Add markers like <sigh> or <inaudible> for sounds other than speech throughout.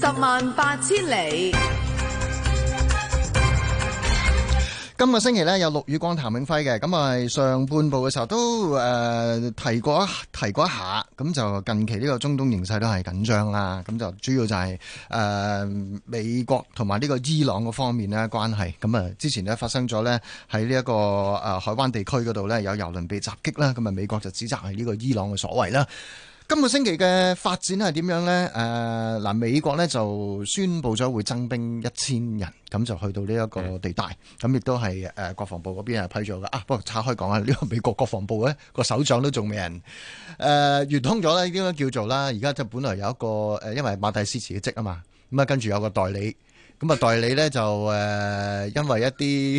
十萬八千里。今個星期呢，有陸宇光譚永輝嘅，咁係上半部嘅時候都誒提過一提過一下，咁就近期呢個中東形勢都係緊張啦。咁就主要就係誒美國同埋呢個伊朗個方面呢關係。咁啊之前呢發生咗呢喺呢一個誒海灣地區嗰度呢，有油輪被襲擊啦，咁啊美國就指責係呢個伊朗嘅所為啦。今個星期嘅發展係點樣咧？誒、呃、嗱，美國咧就宣布咗會增兵一千人，咁就去到呢一個地帶，咁亦都係誒、呃、國防部嗰邊係批咗㗎。啊，不過拆開講啊，呢個美國國防部咧個首長都仲未人誒完、呃、通咗咧，應該叫做啦。而家就本來有一個誒，因為馬蒂斯辭嘅職啊嘛，咁啊跟住有個代理。咁啊，代理呢，就誒、呃，因為一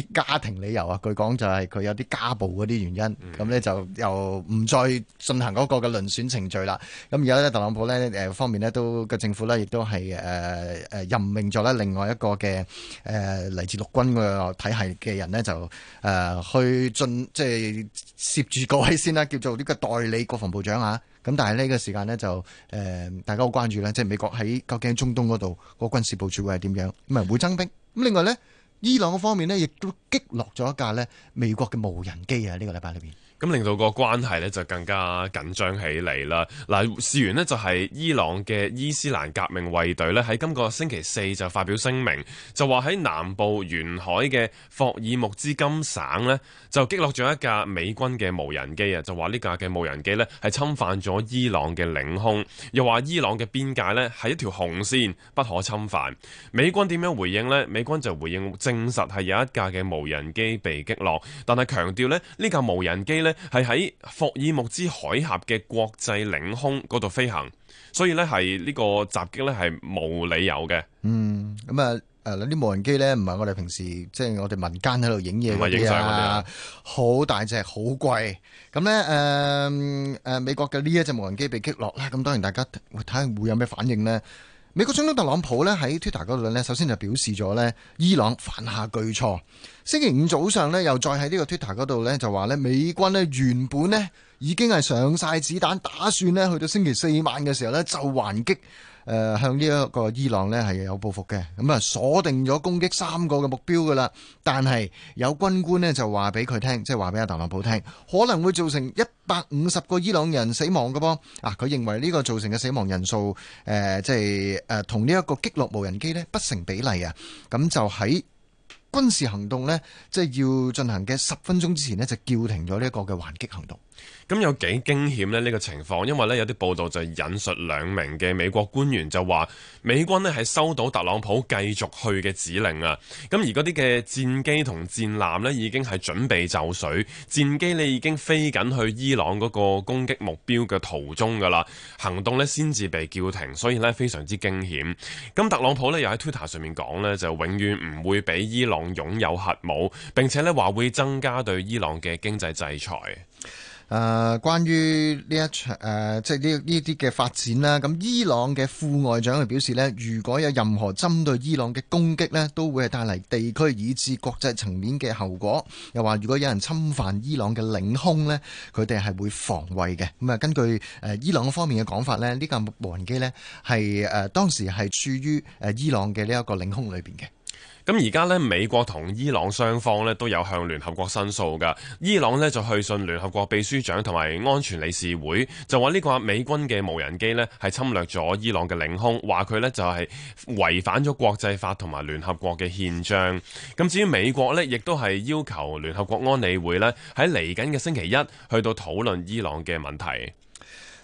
啲家庭理由啊，據講就係佢有啲家暴嗰啲原因，咁呢、嗯、就又唔再進行嗰個嘅輪選程序啦。咁而家呢，特朗普呢、呃、方面呢，都個政府呢，亦都係誒、呃、任命咗呢另外一個嘅誒嚟自陸軍個體系嘅人呢，就誒、呃、去進即係攝住個位先啦，叫做呢個代理國防部長啊。咁但係呢個時間咧就，誒，大家好關注啦，即係美國喺究竟中東度個軍事部署會係點樣，唔係會增兵。咁另外咧，伊朗方面咧，亦都擊落咗一架咧美國嘅無人機啊！呢個禮拜裏邊。咁令到個關係咧就更加緊張起嚟啦。嗱，事源咧就係伊朗嘅伊斯蘭革命衛隊咧，喺今個星期四就發表聲明，就話喺南部沿海嘅霍爾木茲金省咧，就擊落咗一架美軍嘅無人機啊！就話呢架嘅無人機咧係侵犯咗伊朗嘅領空，又話伊朗嘅邊界咧係一條紅線不可侵犯。美軍點樣回應咧？美軍就回應證實係有一架嘅無人機被擊落，但係強調咧呢架無人機咧。係喺霍爾木茲海峽嘅國際領空嗰度飛行，所以咧係呢個襲擊咧係冇理由嘅，嗯。嗯、咁，就是，啊，誒，啲無人機咧唔係我哋平時即係我哋民間喺度影嘢影相啊，好大隻，好貴。咁、嗯、咧，誒、嗯，誒、嗯，美國嘅呢一隻無人機被擊落啦。咁當然大家會睇下會有咩反應咧？美國總統特朗普呢喺 Twitter 嗰度呢首先就表示咗呢，伊朗犯下巨錯。星期五早上呢又再喺呢個 Twitter 嗰度呢就話呢，美軍呢原本呢已經係上晒子彈，打算呢去到星期四晚嘅時候呢就還擊，誒向呢一個伊朗呢係有報復嘅。咁啊鎖定咗攻擊三個嘅目標噶啦，但係有軍官呢，就話俾佢聽，即係話俾阿特朗普聽，可能會造成一百五十個伊朗人死亡㗎噃。啊，佢認為呢個造成嘅死亡人數，誒即係誒同呢一個擊落無人機呢不成比例啊。咁就喺軍事行動呢，即係要進行嘅十分鐘之前呢，就叫停咗呢一個嘅還擊行動。咁有幾驚險呢？呢、這個情況，因為呢，有啲報道就引述兩名嘅美國官員就話，美軍呢係收到特朗普繼續去嘅指令啊。咁而嗰啲嘅戰機同戰艦呢，已經係準備就緒，戰機呢已經飛緊去伊朗嗰個攻擊目標嘅途中噶啦，行動呢，先至被叫停，所以呢，非常之驚險。咁特朗普呢，又喺 Twitter 上面講呢，就永遠唔會俾伊朗擁有核武，並且呢，話會增加對伊朗嘅經濟制裁。誒，關於呢一場誒，即係呢呢啲嘅發展啦。咁，伊朗嘅副外長就表示呢，如果有任何針對伊朗嘅攻擊呢，都會係帶嚟地區以至國際層面嘅後果。又話，如果有人侵犯伊朗嘅領空呢，佢哋係會防衛嘅。咁啊，根據伊朗方面嘅講法呢，呢架無人機呢，係誒當時係處於伊朗嘅呢一個領空裏面嘅。咁而家呢，美國同伊朗雙方呢都有向聯合國申訴㗎。伊朗呢就去信聯合國秘書長同埋安全理事會，就話呢個美軍嘅無人機呢係侵略咗伊朗嘅領空，話佢呢就係違反咗國際法同埋聯合國嘅憲章。咁至於美國呢，亦都係要求聯合國安理會呢喺嚟緊嘅星期一去到討論伊朗嘅問題。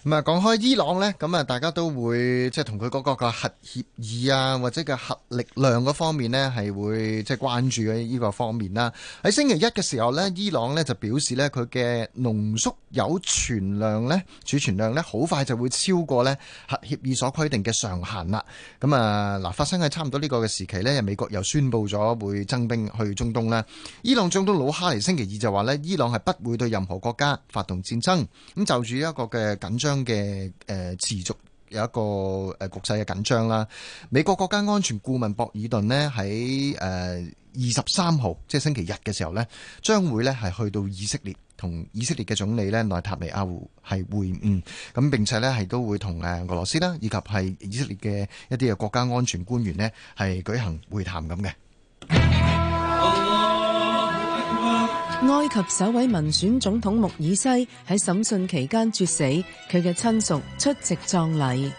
咁啊，講開伊朗咧，咁啊，大家都會即係同佢嗰個個核協議啊，或者個核力量嗰方面咧，係會即係關注嘅呢個方面啦。喺星期一嘅時候咧，伊朗咧就表示咧，佢嘅濃縮鈾存量咧，儲存量咧，好快就會超過咧核協議所規定嘅上限啦。咁啊，嗱，發生喺差唔多呢個嘅時期咧，又美國又宣佈咗會增兵去中東啦。伊朗總統魯哈尼星期二就話咧，伊朗係不會對任何國家發動戰爭。咁就住一個嘅緊張。嘅誒持續有一個誒局勢嘅緊張啦，美國國家安全顧問博爾頓呢喺誒二十三號，即係星期日嘅時候呢，將會呢係去到以色列同以色列嘅總理呢內塔尼亞胡係會晤，咁並且呢係都會同誒俄羅斯啦，以及係以色列嘅一啲嘅國家安全官員呢係舉行會談咁嘅。埃及首位民選總統穆爾西喺審訊期間猝死，佢嘅親屬出席葬禮。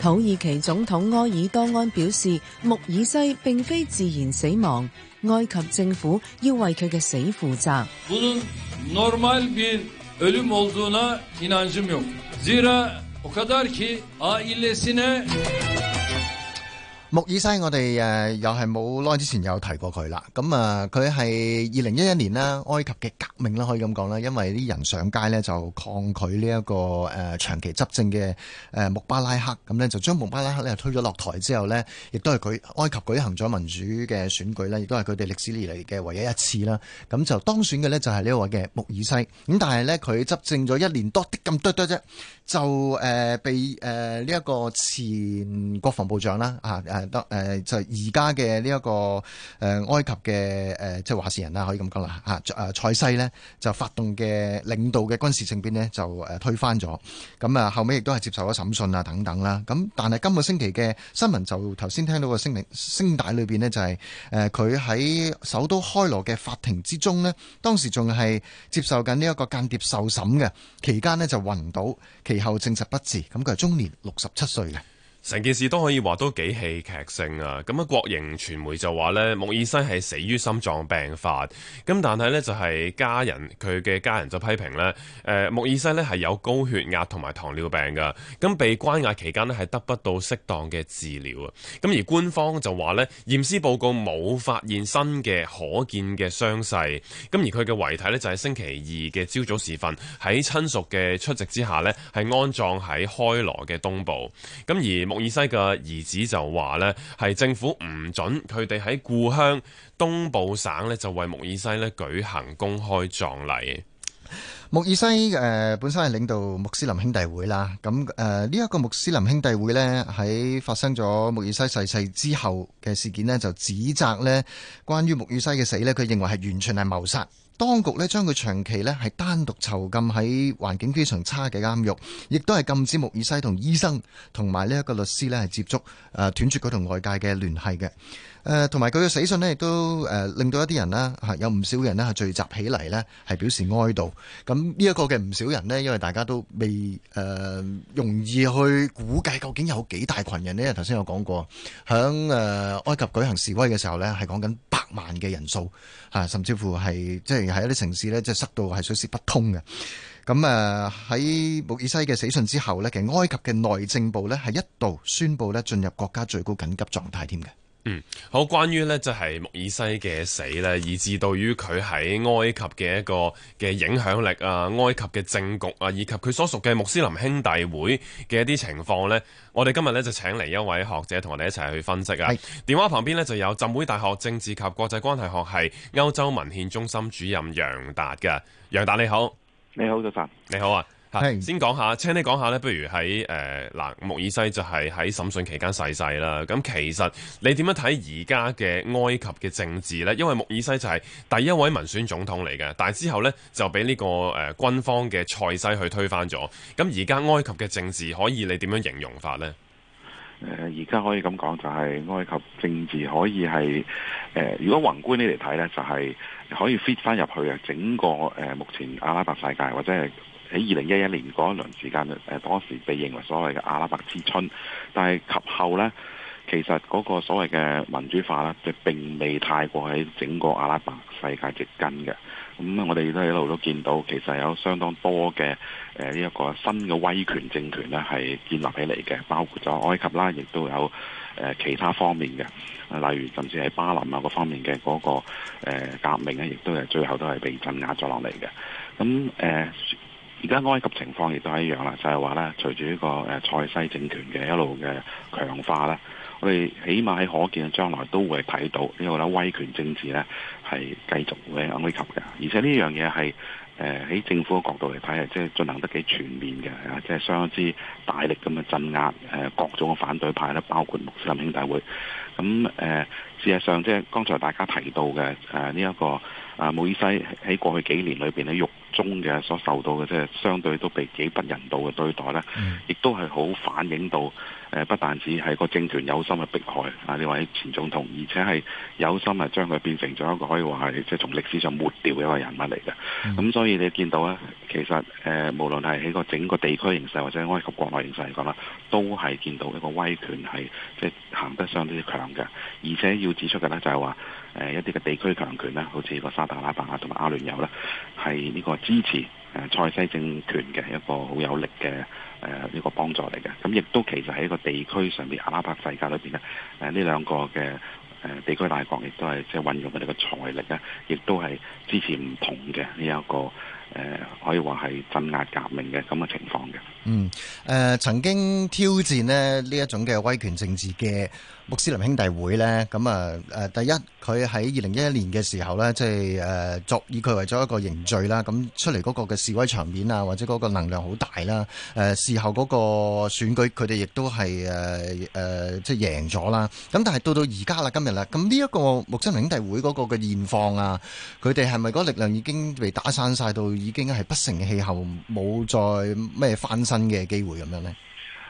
土耳其總統埃爾多安表示，穆爾西並非自然死亡，埃及政府要為佢嘅死負責。穆爾西，我哋誒又係冇耐之前有提過佢啦。咁啊，佢係二零一一年啦，埃及嘅革命啦，可以咁講啦，因為啲人上街呢，就抗拒呢、這、一個誒、呃、長期執政嘅誒穆巴拉克，咁呢，就將穆巴拉克呢推咗落台之後呢，亦都係佢埃及舉行咗民主嘅選舉啦，亦都係佢哋歷史以嚟嘅唯一一次啦。咁就當選嘅呢，就係呢位嘅穆爾西。咁但係呢，佢執政咗一年多啲咁多多啫，就誒被誒呢一個前國防部長啦得就而家嘅呢一個誒埃及嘅誒即係話事人啦，可以咁講啦嚇。賽西呢就發動嘅領導嘅軍事政變呢，就推翻咗，咁啊後尾亦都係接受咗審訊啊等等啦。咁但係今個星期嘅新聞就頭先聽到個聲明聲帶裏面呢，就係誒佢喺首都開羅嘅法庭之中呢，當時仲係接受緊呢一個間諜受審嘅，期間呢，就暈倒，其後證實不治。咁佢係終年六十七歲嘅。成件事都可以話都幾戲劇性啊！咁啊，國營傳媒就話呢，穆爾西係死於心臟病發。咁但係呢，就係、是、家人佢嘅家人就批評呢：呃「誒穆爾西呢係有高血壓同埋糖尿病㗎。咁被關押期間呢係得不到適當嘅治療啊！咁而官方就話呢，驗屍報告冇發現新嘅可見嘅傷勢。咁而佢嘅遺體呢，就喺、是、星期二嘅朝早時分喺親屬嘅出席之下呢，係安葬喺開羅嘅東部。咁而穆穆爾西嘅兒子就話呢係政府唔准佢哋喺故鄉東部省呢就為穆爾西呢舉行公開葬禮。穆爾西誒本身係領導穆斯林兄弟會啦，咁誒呢一個穆斯林兄弟會呢，喺發生咗穆爾西逝世之後嘅事件呢，就指責呢，關於穆爾西嘅死呢，佢認為係完全係謀殺。當局呢將佢長期呢係單獨囚禁喺環境非常差嘅監獄，亦都係禁止穆爾西同醫生同埋呢一個律師呢係接觸，誒斷絕佢同外界嘅聯繫嘅。誒，同埋佢嘅死訊咧，亦都誒令到一啲人咧吓，有唔少人咧係聚集起嚟咧，係表示哀悼。咁呢一個嘅唔少人咧，因為大家都未誒容易去估計究竟有幾大群人咧？頭先我講過，響誒埃及舉行示威嘅時候咧，係講緊百萬嘅人數吓，甚至乎係即係喺一啲城市咧，即係塞到係水泄不通嘅。咁誒喺穆爾西嘅死訊之後咧，其實埃及嘅內政部咧係一度宣布咧進入國家最高緊急狀態添嘅。嗯，好。關於咧就係穆爾西嘅死咧，以致對於佢喺埃及嘅一個嘅影響力啊，埃及嘅政局啊，以及佢所屬嘅穆斯林兄弟會嘅一啲情況呢，我哋今日咧就請嚟一位學者同我哋一齊去分析啊。是電話旁邊呢就有浸會大學政治及國際關係學系歐洲文獻中心主任楊達嘅，楊達你好，你好，早晨，你好啊。先講下，請你講下咧。不如喺誒嗱，穆爾西就係喺審訊期間逝世啦。咁其實你點樣睇而家嘅埃及嘅政治呢？因為穆爾西就係第一位民選總統嚟嘅，但之後呢，就俾呢、這個誒、呃、軍方嘅賽西去推翻咗。咁而家埃及嘅政治可以你點樣形容法呢？而家、呃、可以咁講就係埃及政治可以係誒、呃，如果宏觀啲嚟睇呢，就係、是、可以 fit 翻入去啊整個誒、呃、目前阿拉伯世界或者係。喺二零一一年嗰一輪時間，誒當時被認為所謂嘅阿拉伯之春，但係及後呢，其實嗰個所謂嘅民主化呢，就係並未太過喺整個阿拉伯世界紮根嘅。咁我哋都一路都見到，其實有相當多嘅誒呢一個新嘅威權政權呢，係建立起嚟嘅，包括咗埃及啦，亦都有誒、呃、其他方面嘅，例如甚至喺巴林啊個方面嘅嗰、嗰個、呃、革命呢，亦都係最後都係被鎮壓咗落嚟嘅。咁誒。呃。而家埃及情況亦都係一樣啦，就係話咧，隨住呢個誒塞西政權嘅一路嘅強化咧，我哋起碼喺可見嘅將來都會睇到，呢個咧威權政治咧係繼續會埃及嘅，而且呢樣嘢係誒喺政府嘅角度嚟睇係即係進行得幾全面嘅，即、啊、係、就是、相當之大力咁嘅鎮壓誒各種嘅反對派咧，包括穆斯林兄弟會。咁誒、呃、事實上即係剛才大家提到嘅誒呢一個啊，穆、這、爾、個啊、西喺過去幾年裏邊咧中嘅所受到嘅即係相對都被幾不人道嘅對待咧，亦、嗯、都係好反映到誒，不但止係個政權有心嘅迫害啊，呢位前總統，而且係有心係將佢變成咗一個可以話係即係從歷史上抹掉嘅一個人物嚟嘅。咁、嗯嗯、所以你見到咧，其實誒、呃、無論係喺個整個地區形勢或者埃及國內形勢嚟講啦，都係見到一個威權係即係行得相當之強嘅，而且要指出嘅咧就係、是、話。誒一啲嘅地區強權啦，好似個沙特阿拉伯同埋阿聯酋啦，係呢個支持誒塞西政權嘅一個好有力嘅誒呢個幫助嚟嘅。咁亦都其實喺一個地區上邊阿拉伯世界裏邊咧，誒呢兩個嘅誒地區大國亦都係即係運用佢哋嘅財力咧，亦都係支持唔同嘅呢一個誒可以話係鎮壓革命嘅咁嘅情況嘅。嗯，誒、呃、曾經挑戰咧呢一種嘅威權政治嘅穆斯林兄弟會呢，咁啊，第一佢喺二零一一年嘅時候呢，即係誒作以佢為咗一個凝罪啦，咁出嚟嗰個嘅示威場面啊，或者嗰個能量好大啦，誒，事後嗰個選舉佢哋亦都係誒、呃、即係贏咗啦。咁但係到到而家啦，今日啦，咁呢一個穆斯林兄弟會嗰個嘅現況啊，佢哋係咪嗰力量已經被打散晒到，已經係不成氣候，冇再咩翻身嘅機會咁樣呢？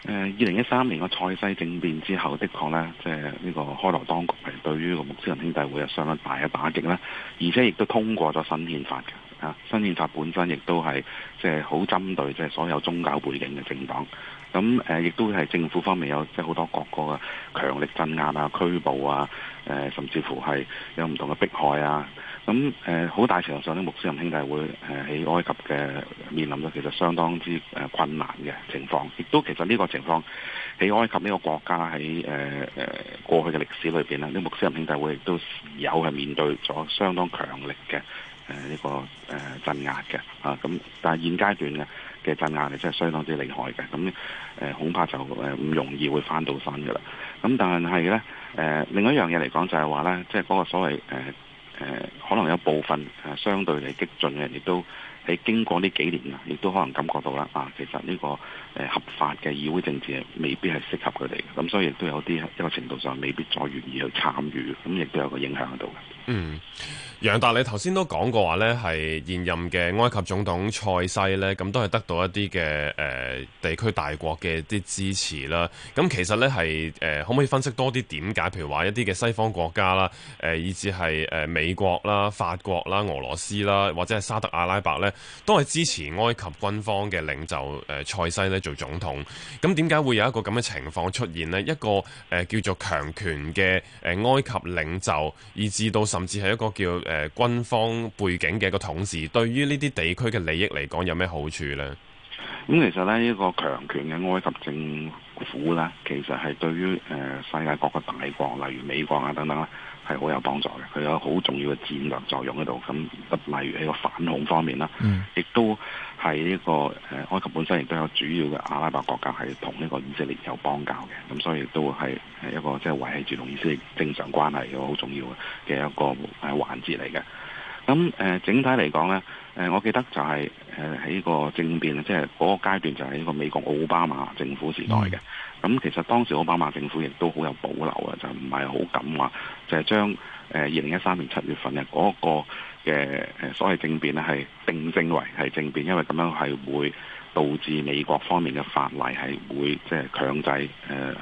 誒二零一三年嘅塞西政變之後，的確呢，即係呢個開羅當局係對於個穆斯林兄弟會有相當大嘅打擊啦，而且亦都通過咗新憲法嘅嚇、啊，新憲法本身亦都係即係好針對即係所有宗教背景嘅政黨，咁誒亦都係政府方面有即係好多各個嘅強力鎮壓啊、拘捕啊、誒、啊、甚至乎係有唔同嘅迫害啊。咁誒，好大程度上咧，穆斯林兄弟會誒喺埃及嘅面臨咗其實相當之誒困難嘅情況，亦都其實呢個情況喺埃及呢個國家喺誒誒過去嘅歷史裏邊呢啲穆斯林兄弟會亦都有係面對咗相當強力嘅誒呢個誒鎮壓嘅啊。咁但係現階段嘅嘅鎮壓咧，真係相當之厲害嘅。咁誒恐怕就誒唔容易會翻到身噶啦。咁但係咧誒，另一樣嘢嚟講就係話咧，即係嗰個所謂誒。呃誒可能有部分誒相對嚟激進嘅，亦都喺經過呢幾年啊，亦都可能感覺到啦啊，其實呢個誒合法嘅議會政治係未必係適合佢哋，咁所以亦都有啲一個程度上未必再願意去參與，咁亦都有個影響喺度嘅。嗯。楊達，你頭先都講過話呢係現任嘅埃及總統塞西呢，咁都係得到一啲嘅、呃、地區大國嘅啲支持啦。咁其實呢係、呃、可唔可以分析多啲點解？譬如話一啲嘅西方國家啦、呃，以至係呃、美國啦、法國啦、俄羅斯啦，或者係沙特阿拉伯呢，都係支持埃及軍方嘅領袖呃塞西呢做總統。咁點解會有一個咁嘅情況出現呢？一個、呃、叫做強權嘅、呃、埃及領袖，以至到甚至係一個叫。誒、呃、軍方背景嘅一個統治，對於呢啲地區嘅利益嚟講，有咩好處呢？咁其實呢，一個強權嘅埃及政府呢，其實係對於誒、呃、世界各個大國，例如美國啊等等啦。係好有幫助嘅，佢有好重要嘅戰略作用喺度。咁例如喺個反恐方面啦，亦、嗯、都係呢個誒埃及本身亦都有主要嘅阿拉伯國家係同呢個以色列有邦交嘅。咁所以亦都係係一個即係、就是、維係住同以色列正常關係嘅好重要嘅一個誒環節嚟嘅。咁誒、呃，整體嚟講咧。誒，我記得就係誒喺呢個政變即係嗰個階段就係呢個美國奧巴馬政府時代嘅。咁其實當時奧巴馬政府亦都好有保留啊，就唔係好敢話，就係將誒二零一三年七月份嘅嗰個嘅所謂政變咧，係定性為係政變，因為咁樣係會導致美國方面嘅法例係會即係強制誒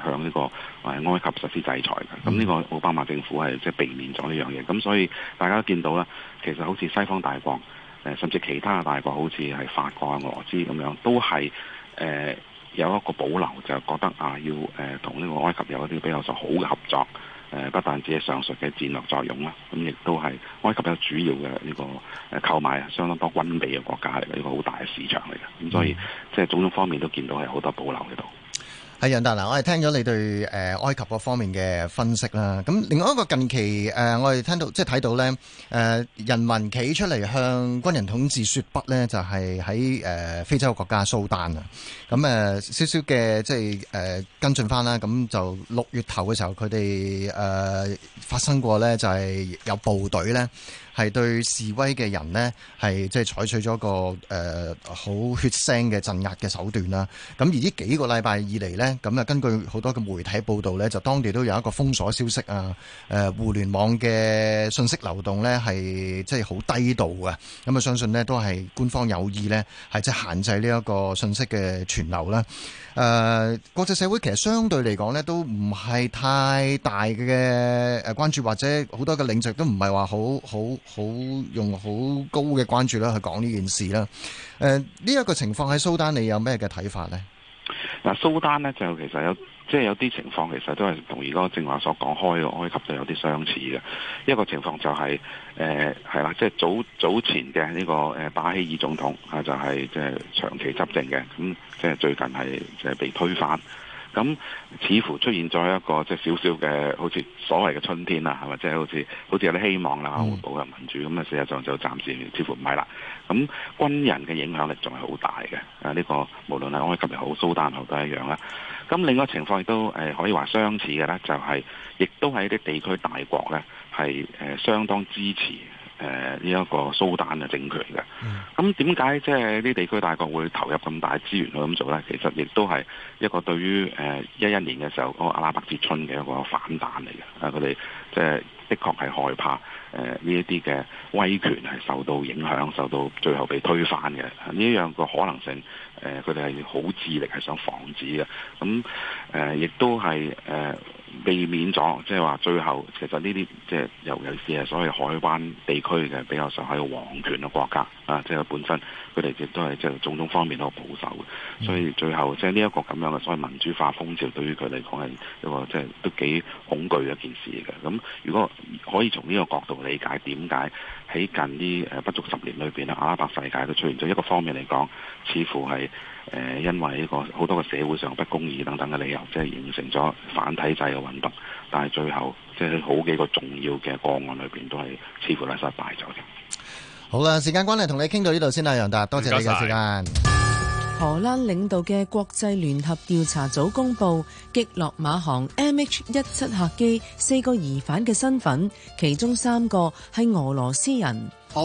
向呢個埃及實施制裁嘅。咁呢個奧巴馬政府係即係避免咗呢樣嘢。咁所以大家都見到咧，其實好似西方大國。誒甚至其他大國，好似係法國啊、俄羅斯咁樣，都係誒、呃、有一個保留，就覺得啊，要誒同呢個埃及有一啲比較就好嘅合作。誒、呃、不但止係上述嘅戰略作用啦，咁、嗯、亦都係埃及比較主要嘅呢、這個誒購買啊，相當多軍備嘅國家嚟嘅，呢個好大嘅市場嚟嘅。咁、嗯、所以即係、就是、種種方面都見到係好多保留喺度。係楊達嗱，我係聽咗你對誒、呃、埃及嗰方面嘅分析啦。咁另外一個近期誒、呃，我哋聽到即係睇到咧，誒、呃、人民企出嚟向軍人統治說不咧，就係喺誒非洲嘅國家蘇丹啊。咁誒、呃、少少嘅即係誒、呃、跟進翻啦。咁就六月頭嘅時候，佢哋誒發生過咧，就係、是、有部隊咧。係對示威嘅人呢，係即係採取咗個誒好、呃、血腥嘅鎮壓嘅手段啦。咁而呢幾個禮拜以嚟呢，咁啊根據好多嘅媒體報道呢，就當地都有一個封鎖消息啊，呃、互聯網嘅信息流動呢，係即係好低度嘅。咁啊相信呢，都係官方有意呢，係即係限制呢一個信息嘅傳流啦、啊。誒、呃、國際社會其實相對嚟講呢，都唔係太大嘅誒關注，或者好多嘅領袖都唔係話好好。好用好高嘅關注啦，去講呢件事啦。誒、呃，呢、這、一個情況喺蘇丹，你有咩嘅睇法呢？嗱，蘇丹呢，就其實有，即、就、係、是、有啲情況其實都係同而家正話所講開嘅，埃及就有啲相似嘅。一個情況就係誒係啦，即、呃、係、就是、早早前嘅呢個誒巴希爾總統啊，就係即係長期執政嘅，咁即係最近係即係被推翻。咁似乎出現咗一個即係少少嘅，好似所謂嘅春天啦，係咪？即係好似好似有啲希望啦，保留民主咁啊！事實上就暫時似乎唔係啦。咁軍人嘅影響力仲係好大嘅。啊，呢、這個無論係埃及好、蘇丹好都一樣啦。咁另外情況亦都、呃、可以話相似嘅咧，就係、是、亦都喺一啲地區大國咧係、呃、相當支持。誒呢一個蘇丹嘅政權嘅，咁點解即係呢地區大國會投入咁大的資源去咁做呢？其實亦都係一個對於誒一一年嘅時候嗰個阿拉伯之春嘅一個反彈嚟嘅。啊、呃，佢哋即係的確係害怕誒呢一啲嘅威權係受到影響，受到最後被推翻嘅呢樣個可能性。誒、呃，佢哋係好致力係想防止嘅。咁、嗯、誒，亦、呃、都係誒。呃避免咗，即係話最後其實呢啲即係尤其是係所謂海灣地區嘅比較上係皇權嘅國家啊，即係本身佢哋亦都係即係種種方面都保守嘅，所以最後即係呢一個咁樣嘅所謂民主化風潮，對於佢嚟講係一個即係都幾恐懼嘅一件事嚟嘅。咁如果可以從呢個角度理解點解喺近啲誒不足十年裏邊咧，阿拉伯世界都出現咗一個方面嚟講，似乎係。誒，因為呢個好多個社會上不公義等等嘅理由，即係形成咗反體制嘅運動，但係最後即係、就是、好幾個重要嘅個案裏邊，都係似乎係失敗咗嘅。好啦，時間關係，同你傾到呢度先啦，楊達，多謝你嘅時間。謝謝。荷蘭領導嘅國際聯合調查組公佈擊落馬航 MH 一七客機四個疑犯嘅身份，其中三個係俄羅斯人。我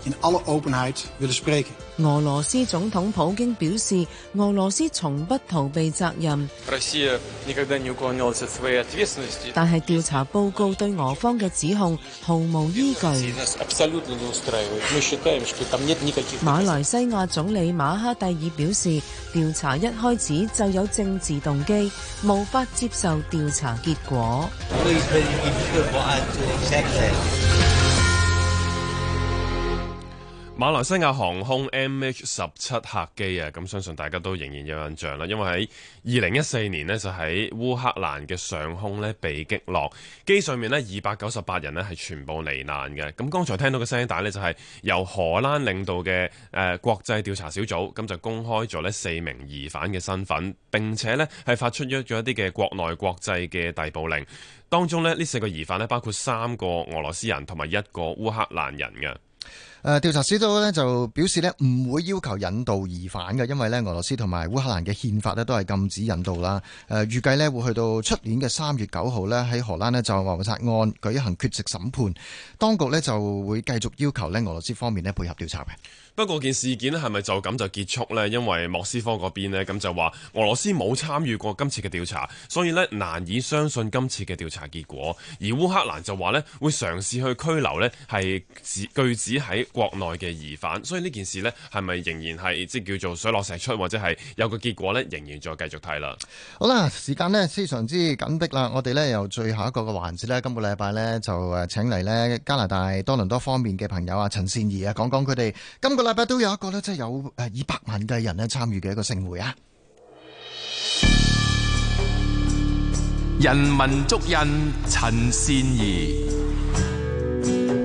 Height，俄羅斯總統普京表示，俄羅斯從不逃避責任，責任但係調查報告對俄方嘅指控毫無依據。馬來西亞總理馬哈蒂爾表示，調查一開始就有政治動機，無法接受調查結果。 <music> 馬來西亞航空 MH 十七客機啊，咁相信大家都仍然有印象啦，因為喺二零一四年咧，就喺烏克蘭嘅上空咧被擊落，機上面咧二百九十八人咧係全部罹難嘅。咁剛才聽到嘅聲帶咧，就係由荷蘭領導嘅誒國際調查小組，咁就公開咗咧四名疑犯嘅身份，並且咧係發出咗一啲嘅國內國際嘅逮捕令，當中咧呢四個疑犯咧包括三個俄羅斯人同埋一個烏克蘭人嘅。誒調查師都咧就表示呢唔會要求引渡疑犯嘅，因為呢俄羅斯同埋烏克蘭嘅憲法都係禁止引渡啦。誒預計咧會去到出年嘅三月九號呢喺荷蘭咧就謀殺案舉行缺席審判，當局呢就會繼續要求呢俄羅斯方面呢配合調查嘅。不過件事件呢，係咪就咁就結束呢？因為莫斯科嗰邊呢，咁就話俄羅斯冇參與過今次嘅調查，所以呢，難以相信今次嘅調查結果。而烏克蘭就話呢，會嘗試去拘留呢係據指喺國內嘅疑犯。所以呢件事呢，係咪仍然係即叫做水落石出，或者係有個結果呢，仍然再繼續睇啦。好啦，時間呢，非常之緊迫啦，我哋呢，由最後一個嘅環節呢，今個禮拜呢，就誒請嚟呢加拿大多倫多方面嘅朋友啊，陳善宜啊，講講佢哋今個。大八都有一個咧，即係有誒二百萬嘅人咧參與嘅一個盛會啊！人文足印陳善宜，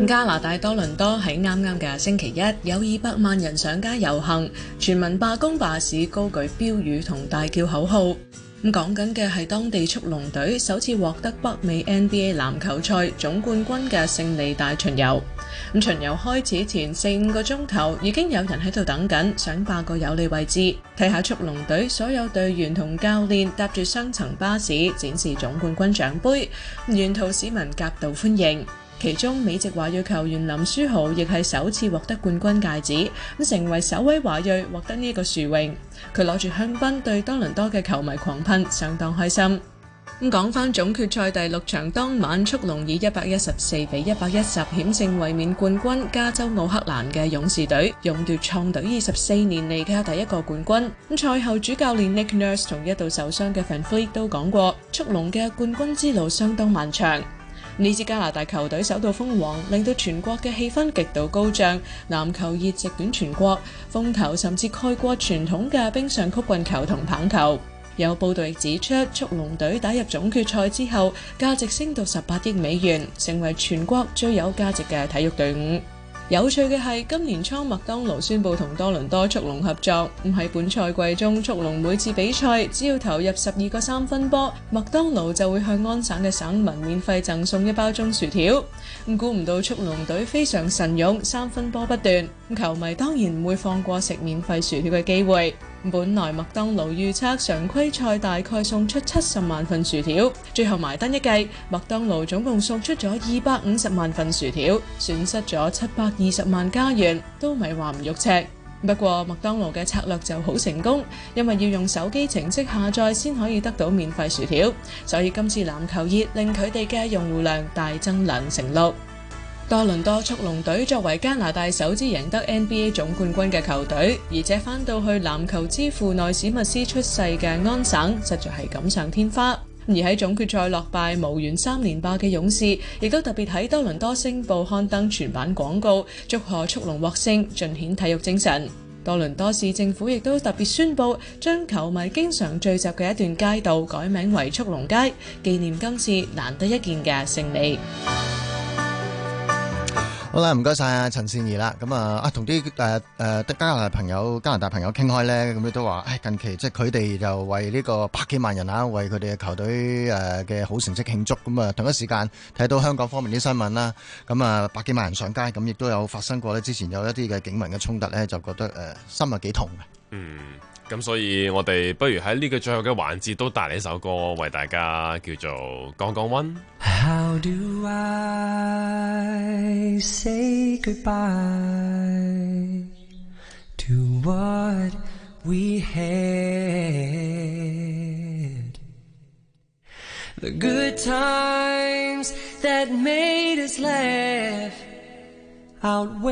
加拿大多倫多喺啱啱嘅星期一有二百萬人上街遊行，全民罷工罷市，高舉標語同大叫口號。咁講緊嘅係當地速龍隊首次獲得北美 NBA 籃球賽總冠軍嘅勝利大巡遊。咁巡遊開始前四五個鐘頭，已經有人喺度等緊，想霸個有利位置，睇下速龍隊所有隊員同教練搭住雙層巴士展示總冠軍獎杯，沿途市民夾道歡迎。其中，美籍華裔球員林書豪亦係首次獲得冠軍戒指，咁成為首位華裔獲得呢個殊榮。佢攞住香檳對多倫多嘅球迷狂噴，相當開心。咁講翻總決賽第六場當晚，速龍以一百一十四比一百一十險勝衛冕冠軍加州奧克蘭嘅勇士隊，勇奪創隊二十四年嚟嘅第一個冠軍。咁賽後主教練 Nick Nurse 同一度受傷嘅范飛都講過，速龍嘅冠軍之路相當漫長。呢支加拿大球隊首度封王，令到全國嘅氣氛極度高漲，籃球熱席捲全國，風球甚至蓋過傳統嘅冰上曲棍球同棒球。有報道亦指出，速龍隊打入總決賽之後，價值升到十八億美元，成為全國最有價值嘅體育隊伍。有趣嘅係，今年初麥當勞宣布，同多倫多速龍合作，咁喺本賽季中，速龍每次比賽只要投入十二個三分波，麥當勞就會向安省嘅省民免費贈送一包中薯條。咁估唔到速龍隊非常神勇，三分波不斷，咁球迷當然唔會放過食免費薯條嘅機會。本來麥當勞預測常規賽大概送出七十萬份薯條，最後埋單一計，麥當勞總共送出咗二百五十萬份薯條，損失咗七百二十萬加元，都咪話唔肉赤。不過麥當勞嘅策略就好成功，因為要用手機程式下載先可以得到免費薯條，所以今次籃球熱令佢哋嘅用戶量大增兩成六。多倫多速龍隊作為加拿大首支贏得 NBA 總冠軍嘅球隊，而且翻到去籃球之父內史密斯出世嘅安省，實在係錦上添花。而喺總決賽落敗無緣三連霸嘅勇士，亦都特別喺多倫多星報刊登全版廣告，祝賀速龍獲勝，盡顯體育精神。多倫多市政府亦都特別宣布，將球迷經常聚集嘅一段街道改名為速龍街，紀念今次難得一見嘅勝利。好啦，唔該晒啊，陳善宜啦，咁、呃、啊，啊同啲誒誒加拿大朋友、加拿大朋友傾開咧，咁咧都話，誒、哎、近期即係佢哋就為呢個百幾萬人啊，為佢哋嘅球隊誒嘅好成績慶祝，咁啊同一時間睇到香港方面啲新聞啦，咁啊百幾萬人上街，咁亦都有發生過咧，之前有一啲嘅警民嘅衝突咧，就覺得誒心係幾痛嘅。嗯。咁所以，我哋不如喺呢個最後嘅環節都帶嚟一首歌，為大家叫做降降溫。江江溫